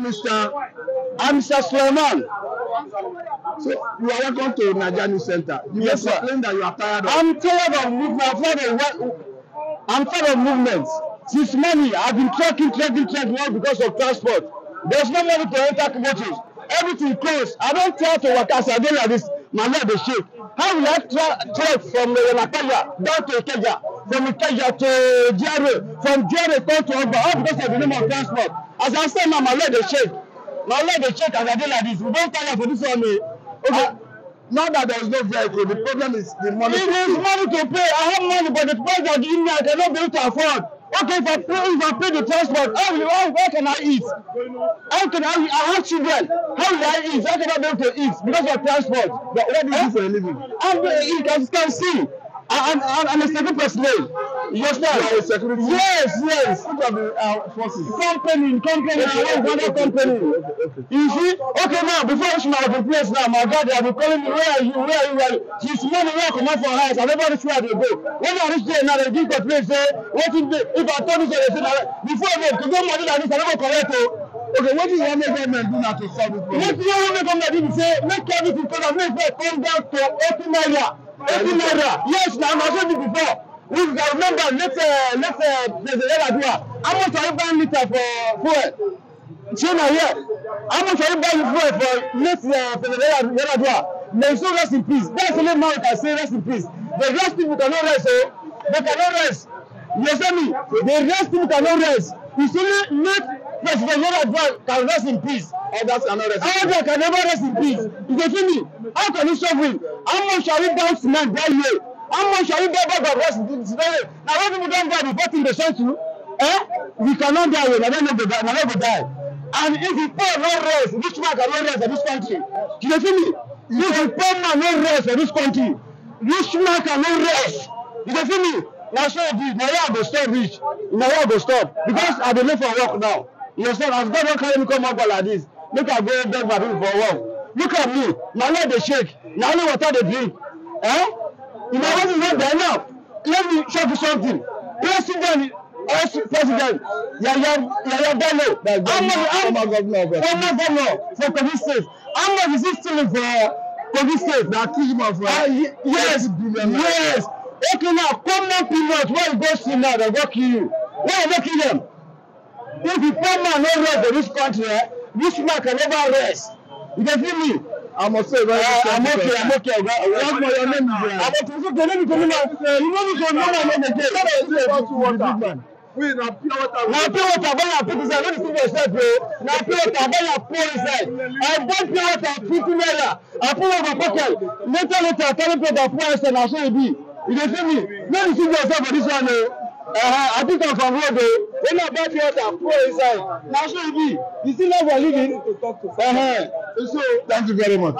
Mr. I'm Mr. Suleiman. So you are welcome to Naija Center. You yes, sir. complaining that you are tired of. I'm tired of movement. I'm tired of, movement. Since morning, I've been trekking, trekking, trekking all because of transport. There's no money to enter motos. Everything closed. I don't try to work as I did like this. My leg dey shake. How will I trek from uh, Lakaja down to Ikeja, from Ikeja to GRA, from GRA down to Ogba, all because of the name of transport? As I stand now, my leg dey shake. My leg dey shake as I dey like this. We don tire for this one. Okay. Uh, not that there is no vehicle, the problem is the money. It is money to pay. I have money, but the price that giving me, I cannot be able to afford. Okay, if I pay, if I pay the transport, how will I, where can I eat? How can I, I have children. How will I eat? How can I be able to eat because of transport. But what do you do for a living? I'm, you can, you can see. I, I'm, I'm a second person. Yes, understand? You are security. Yes, yes. Look at the uh, forces. Company, company, okay, I want company. Okay, okay. You see? Okay, now, before I reach my open place now, my God, they have been calling me, where are you, where are you, where are you? She's money, where I come out for house. I never reach where they go. When I reach there now, they give the place. say, eh? what if they, if I told you, they say, before I make, to go money like this, I never correct it. Oh. Okay, what do you want make government do now to solve this problem? What do you want make government do to say, make everything come down, make it come down to 80 naira, 80 naira. Yes, now, I said it before we got remember let uh, let uh, President Yar'Adua how much are you buying litre for fuel? Shey na here how much are you buying fuel for late uh, President Yar'Adua? May so rest in peace. That's only man can say rest in peace. The rest people can no rest o. Oh. They can no rest. You understand me? The rest people can no rest. It's only late President Yar'Adua can rest in peace. Others cannot rest. Others can never rest in peace. You dey feel me? How can you solve it? How much are you down tonight that year? How much are you get back of us today? Now when people don't die before thing they send to, eh? We cannot die, we never die, never die. And if the poor no rest, which man can no rest in this country. Do you feel me? If the poor man no rest in this country, which man can no rest. Do you feel me? Now so it is. Now I go stop rich. Now I go stop because I dey look for work now. You understand? As God don carry me come up like this, make I go beg my people for work. Look at me. My leg dey shake. Na only water dey drink. Eh? Imagine you went there now. Let me show you something. President ex president Yahya Yahya Bello. Former governor for Kogi State. How much is he stealing for Kogi State? Na Kijima for. Ah, yes, yes. Okay now, common peanut wey you go see now dey go kill you. Why you no kill them? If the poor man no rest for this country, eh, this man can never rest. You dey feel me? Uh, I'm okay. I'm okay. very uh, I'm okay, I'm okay, Oga. That's my your name, Ibrahim. I'm okay, it's okay, let me come in now. You know me, so no one knows again. That is the big man. We na pure water. Na pure water, buy your put inside. Let me see yourself, bro. Na pure water, buy your pour inside. I bought pure water, fifty naira. I put it in my pocket. Later, later, I tell him to pour inside. Na so it be. You dey see me? Let me see yourself for this one, eh? Uh, I think I'm from Rodo. When I bought here, I'm poor inside. Now show you me. You still have a living to talk to. Uh-huh. So, thank you very much.